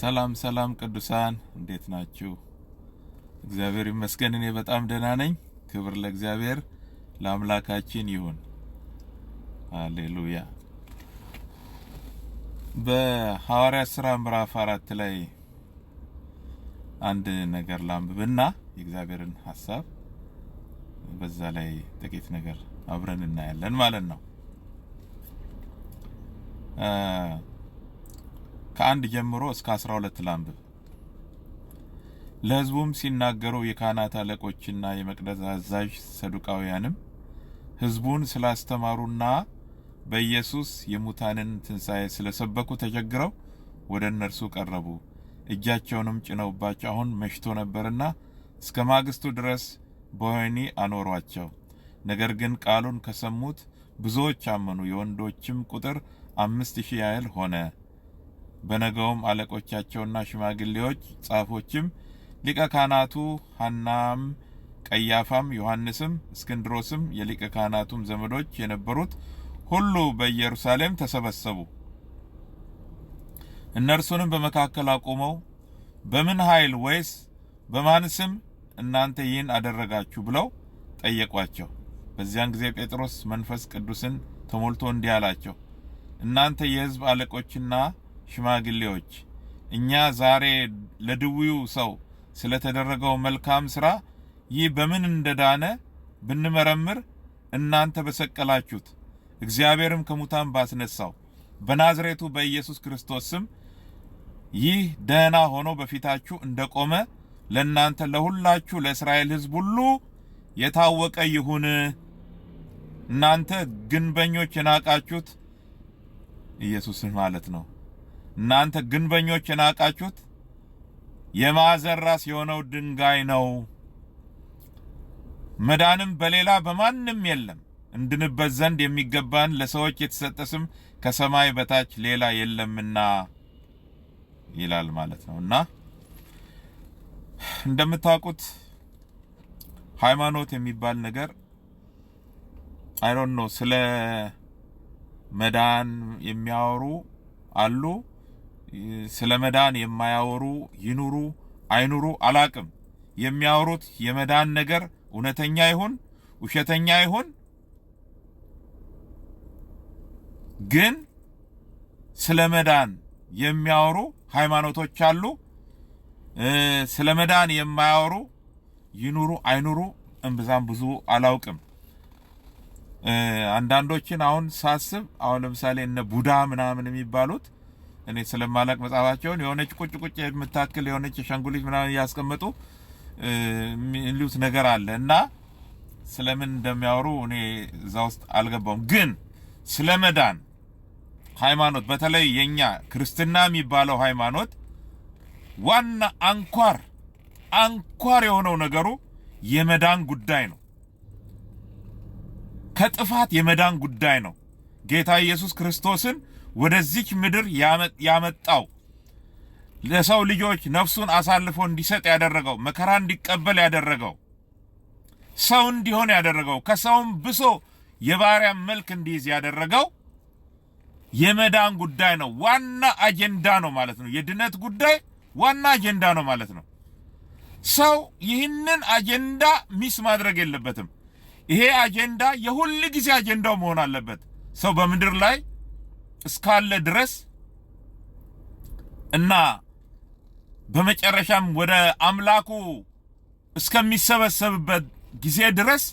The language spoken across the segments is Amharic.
ሰላም ሰላም ቅዱሳን እንዴት ናችሁ? እግዚአብሔር ይመስገን እኔ በጣም ደህና ነኝ። ክብር ለእግዚአብሔር ለአምላካችን ይሁን። ሃሌሉያ። በሐዋርያት ሥራ ምዕራፍ አራት ላይ አንድ ነገር ላንብብና የእግዚአብሔርን ሀሳብ በዛ ላይ ጥቂት ነገር አብረን እናያለን ማለት ነው። ከአንድ ጀምሮ እስከ አስራ ሁለት ላንብብ። ለሕዝቡም ሲናገሩ የካህናት አለቆችና የመቅደስ አዛዥ ሰዱቃውያንም ሕዝቡን ስላስተማሩና በኢየሱስ የሙታንን ትንሣኤ ስለሰበኩ ተቸግረው ወደ እነርሱ ቀረቡ። እጃቸውንም ጭነውባቸው አሁን መሽቶ ነበርና እስከ ማግስቱ ድረስ በወህኒ አኖሯቸው። ነገር ግን ቃሉን ከሰሙት ብዙዎች አመኑ። የወንዶችም ቁጥር አምስት ሺህ ያህል ሆነ። በነገውም አለቆቻቸውና ሽማግሌዎች ጻፎችም ሊቀ ካህናቱ ሐናም ቀያፋም ዮሐንስም እስክንድሮስም የሊቀ ካህናቱም ዘመዶች የነበሩት ሁሉ በኢየሩሳሌም ተሰበሰቡ። እነርሱንም በመካከል አቁመው በምን ኃይል ወይስ በማን ስም እናንተ ይህን አደረጋችሁ ብለው ጠየቋቸው። በዚያን ጊዜ ጴጥሮስ መንፈስ ቅዱስን ተሞልቶ እንዲህ አላቸው፣ እናንተ የሕዝብ አለቆችና ሽማግሌዎች እኛ ዛሬ ለድውዩ ሰው ስለተደረገው መልካም ስራ ይህ በምን እንደዳነ ብንመረምር እናንተ በሰቀላችሁት እግዚአብሔርም ከሙታን ባስነሳው በናዝሬቱ በኢየሱስ ክርስቶስ ስም ይህ ደህና ሆኖ በፊታችሁ እንደቆመ ለእናንተ ለሁላችሁ ለእስራኤል ሕዝብ ሁሉ የታወቀ ይሁን። እናንተ ግንበኞች የናቃችሁት ኢየሱስን ማለት ነው። እናንተ ግንበኞች የናቃችሁት የማዕዘን ራስ የሆነው ድንጋይ ነው። መዳንም በሌላ በማንም የለም። እንድንበት ዘንድ የሚገባን ለሰዎች የተሰጠ ስም ከሰማይ በታች ሌላ የለምና ይላል ማለት ነው። እና እንደምታውቁት ሃይማኖት የሚባል ነገር አይሮን ነው። ስለ መዳን የሚያወሩ አሉ። ስለ መዳን የማያወሩ ይኑሩ አይኑሩ አላቅም። የሚያወሩት የመዳን ነገር እውነተኛ ይሁን ውሸተኛ ይሁን ግን ስለ መዳን የሚያወሩ ሃይማኖቶች አሉ። ስለ መዳን የማያወሩ ይኑሩ አይኑሩ እምብዛም ብዙ አላውቅም። አንዳንዶችን አሁን ሳስብ አሁን ለምሳሌ እነ ቡዳ ምናምን የሚባሉት እኔ ስለማላቅ መጽሐፋቸውን የሆነች ቁጭ ቁጭ የምታክል የሆነች ሻንጉሊት ምናምን እያስቀመጡ የሚሉት ነገር አለ እና ስለምን እንደሚያወሩ እኔ እዛ ውስጥ አልገባውም። ግን ስለ መዳን ሃይማኖት በተለይ የኛ ክርስትና የሚባለው ሃይማኖት ዋና አንኳር አንኳር የሆነው ነገሩ የመዳን ጉዳይ ነው። ከጥፋት የመዳን ጉዳይ ነው። ጌታ ኢየሱስ ክርስቶስን ወደዚች ምድር ያመጣው ለሰው ልጆች ነፍሱን አሳልፎ እንዲሰጥ ያደረገው መከራ እንዲቀበል ያደረገው ሰው እንዲሆን ያደረገው ከሰውም ብሶ የባሪያ መልክ እንዲይዝ ያደረገው የመዳን ጉዳይ ነው። ዋና አጀንዳ ነው ማለት ነው። የድነት ጉዳይ ዋና አጀንዳ ነው ማለት ነው። ሰው ይህንን አጀንዳ ሚስ ማድረግ የለበትም። ይሄ አጀንዳ የሁል ጊዜ አጀንዳው መሆን አለበት። ሰው በምድር ላይ እስካለ ድረስ እና በመጨረሻም ወደ አምላኩ እስከሚሰበሰብበት ጊዜ ድረስ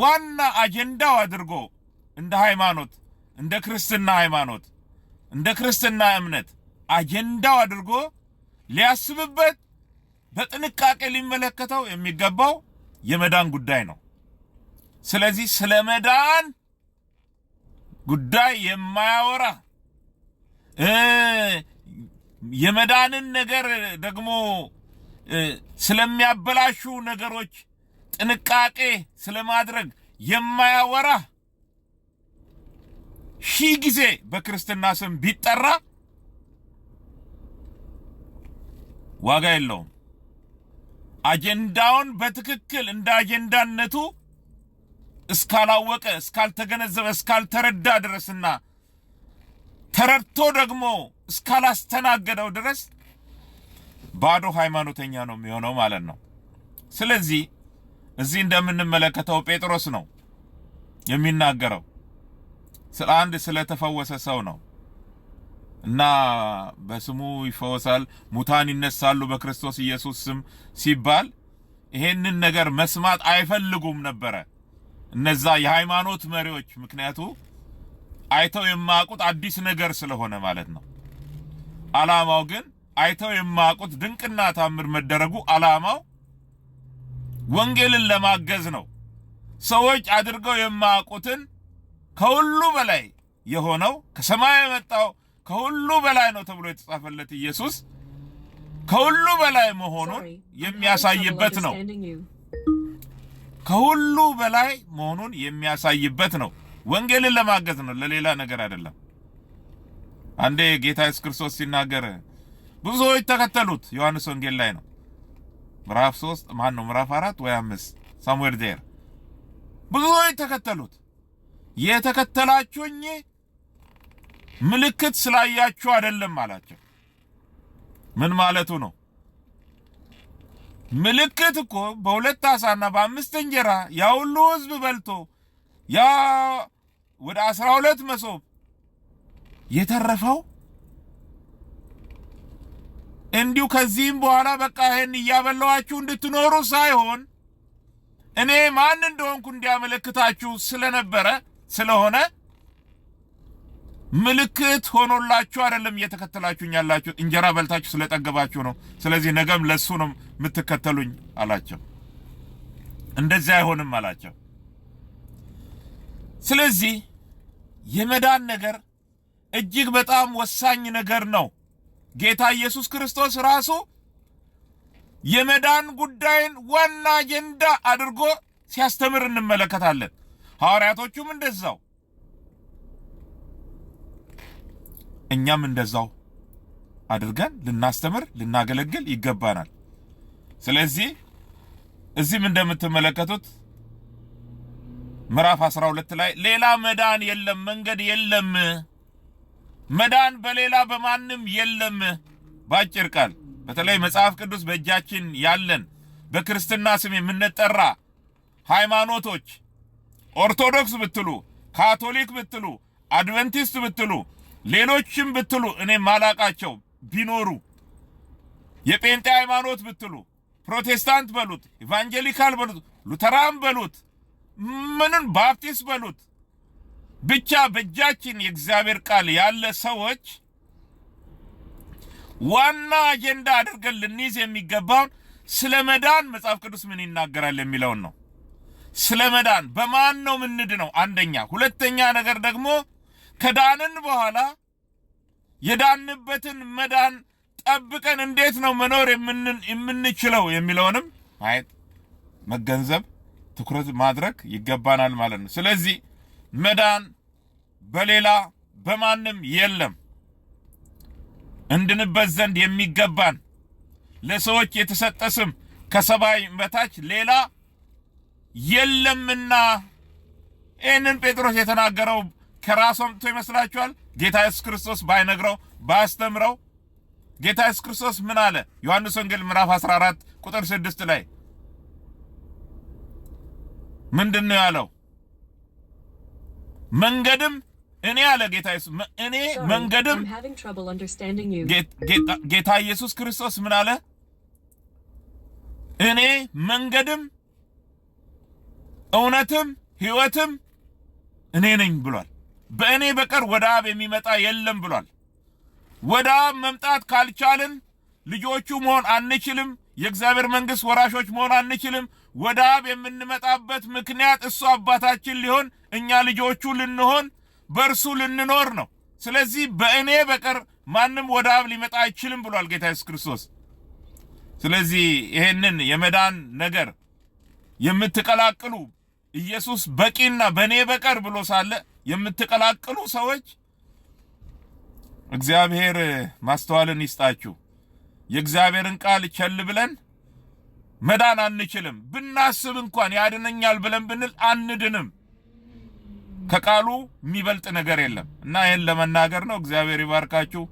ዋና አጀንዳው አድርጎ እንደ ሃይማኖት እንደ ክርስትና ሃይማኖት እንደ ክርስትና እምነት አጀንዳው አድርጎ ሊያስብበት በጥንቃቄ ሊመለከተው የሚገባው የመዳን ጉዳይ ነው። ስለዚህ ስለ መዳን ጉዳይ የማያወራ የመዳንን ነገር ደግሞ ስለሚያበላሹ ነገሮች ጥንቃቄ ስለማድረግ የማያወራ ሺህ ጊዜ በክርስትና ስም ቢጠራ ዋጋ የለውም። አጀንዳውን በትክክል እንደ አጀንዳነቱ እስካላወቀ እስካልተገነዘበ እስካልተረዳ ድረስና ተረድቶ ደግሞ እስካላስተናገደው ድረስ ባዶ ሃይማኖተኛ ነው የሚሆነው ማለት ነው። ስለዚህ እዚህ እንደምንመለከተው ጴጥሮስ ነው የሚናገረው ስለ አንድ ስለተፈወሰ ሰው ነው እና በስሙ ይፈወሳል፣ ሙታን ይነሳሉ በክርስቶስ ኢየሱስ ስም ሲባል ይሄንን ነገር መስማት አይፈልጉም ነበረ። እነዛ የሃይማኖት መሪዎች ምክንያቱ አይተው የማያውቁት አዲስ ነገር ስለሆነ ማለት ነው። አላማው ግን አይተው የማያውቁት ድንቅና ታምር መደረጉ አላማው ወንጌልን ለማገዝ ነው። ሰዎች አድርገው የማያውቁትን ከሁሉ በላይ የሆነው ከሰማይ የመጣው ከሁሉ በላይ ነው ተብሎ የተጻፈለት ኢየሱስ ከሁሉ በላይ መሆኑን የሚያሳይበት ነው። ከሁሉ በላይ መሆኑን የሚያሳይበት ነው። ወንጌልን ለማገዝ ነው፣ ለሌላ ነገር አይደለም። አንዴ ጌታ ኢየሱስ ክርስቶስ ሲናገር ብዙ ሰዎች ተከተሉት። ዮሐንስ ወንጌል ላይ ነው ምዕራፍ 3 ማን ነው ምዕራፍ 4 ወይ 5 ሳሙኤል ዴር ብዙ ሰዎች ተከተሉት። የተከተላችሁኝ ምልክት ስላያችሁ አይደለም አላቸው። ምን ማለቱ ነው? ምልክት እኮ በሁለት አሳና በአምስት እንጀራ ያ ሁሉ ሕዝብ በልቶ ያ ወደ አስራ ሁለት መሶብ የተረፈው እንዲሁ ከዚህም በኋላ በቃ ይህን እያበላዋችሁ እንድትኖሩ ሳይሆን እኔ ማን እንደሆንኩ እንዲያመለክታችሁ ስለነበረ ስለሆነ ምልክት ሆኖላችሁ አይደለም እየተከተላችሁኝ ያላችሁ፣ እንጀራ በልታችሁ ስለጠገባችሁ ነው። ስለዚህ ነገም ለሱ ነው የምትከተሉኝ አላቸው። እንደዚህ አይሆንም አላቸው። ስለዚህ የመዳን ነገር እጅግ በጣም ወሳኝ ነገር ነው። ጌታ ኢየሱስ ክርስቶስ ራሱ የመዳን ጉዳይን ዋና አጀንዳ አድርጎ ሲያስተምር እንመለከታለን። ሐዋርያቶቹም እንደዛው እኛም እንደዛው አድርገን ልናስተምር ልናገለግል ይገባናል። ስለዚህ እዚህም እንደምትመለከቱት ምዕራፍ 12 ላይ ሌላ መዳን የለም፣ መንገድ የለም፣ መዳን በሌላ በማንም የለም። ባጭር ቃል በተለይ መጽሐፍ ቅዱስ በእጃችን ያለን በክርስትና ስም የምንጠራ ሃይማኖቶች ኦርቶዶክስ ብትሉ፣ ካቶሊክ ብትሉ፣ አድቨንቲስት ብትሉ ሌሎችም ብትሉ እኔ ማላቃቸው ቢኖሩ የጴንጤ ሃይማኖት ብትሉ ፕሮቴስታንት በሉት፣ ኢቫንጀሊካል በሉት፣ ሉተራን በሉት፣ ምንን ባፕቲስት በሉት ብቻ በእጃችን የእግዚአብሔር ቃል ያለ ሰዎች ዋና አጀንዳ አድርገን ልንይዝ የሚገባውን ስለ መዳን መጽሐፍ ቅዱስ ምን ይናገራል የሚለውን ነው። ስለ መዳን በማን ነው ምንድ ነው? አንደኛ። ሁለተኛ ነገር ደግሞ ከዳንን በኋላ የዳንበትን መዳን ጠብቀን እንዴት ነው መኖር የምንችለው የሚለውንም ማየት፣ መገንዘብ፣ ትኩረት ማድረግ ይገባናል ማለት ነው። ስለዚህ መዳን በሌላ በማንም የለም። እንድንበት ዘንድ የሚገባን ለሰዎች የተሰጠ ስም ከሰማይ በታች ሌላ የለምና ይህንን ጴጥሮስ የተናገረው ከራሱ አምጥቶ ይመስላችኋል? ጌታ ኢየሱስ ክርስቶስ ባይነግረው ባያስተምረው። ጌታ ኢየሱስ ክርስቶስ ምን አለ? ዮሐንስ ወንጌል ምዕራፍ 14 ቁጥር 6 ላይ ምንድን ነው ያለው? መንገድም እኔ አለ ጌታ ኢየሱስ እኔ መንገድም ጌታ ኢየሱስ ክርስቶስ ምን አለ? እኔ መንገድም እውነትም ሕይወትም እኔ ነኝ ብሏል። በእኔ በቀር ወደ አብ የሚመጣ የለም ብሏል። ወደ አብ መምጣት ካልቻልን ልጆቹ መሆን አንችልም። የእግዚአብሔር መንግሥት ወራሾች መሆን አንችልም። ወደ አብ የምንመጣበት ምክንያት እሱ አባታችን ሊሆን፣ እኛ ልጆቹ ልንሆን፣ በእርሱ ልንኖር ነው። ስለዚህ በእኔ በቀር ማንም ወደ አብ ሊመጣ አይችልም ብሏል ጌታ ኢየሱስ ክርስቶስ። ስለዚህ ይህንን የመዳን ነገር የምትቀላቅሉ ኢየሱስ በቂና በእኔ በቀር ብሎ ሳለ የምትቀላቅሉ ሰዎች እግዚአብሔር ማስተዋልን ይስጣችሁ። የእግዚአብሔርን ቃል ቸል ብለን መዳን አንችልም። ብናስብ እንኳን ያድነኛል ብለን ብንል አንድንም። ከቃሉ የሚበልጥ ነገር የለም እና ይህን ለመናገር ነው። እግዚአብሔር ይባርካችሁ።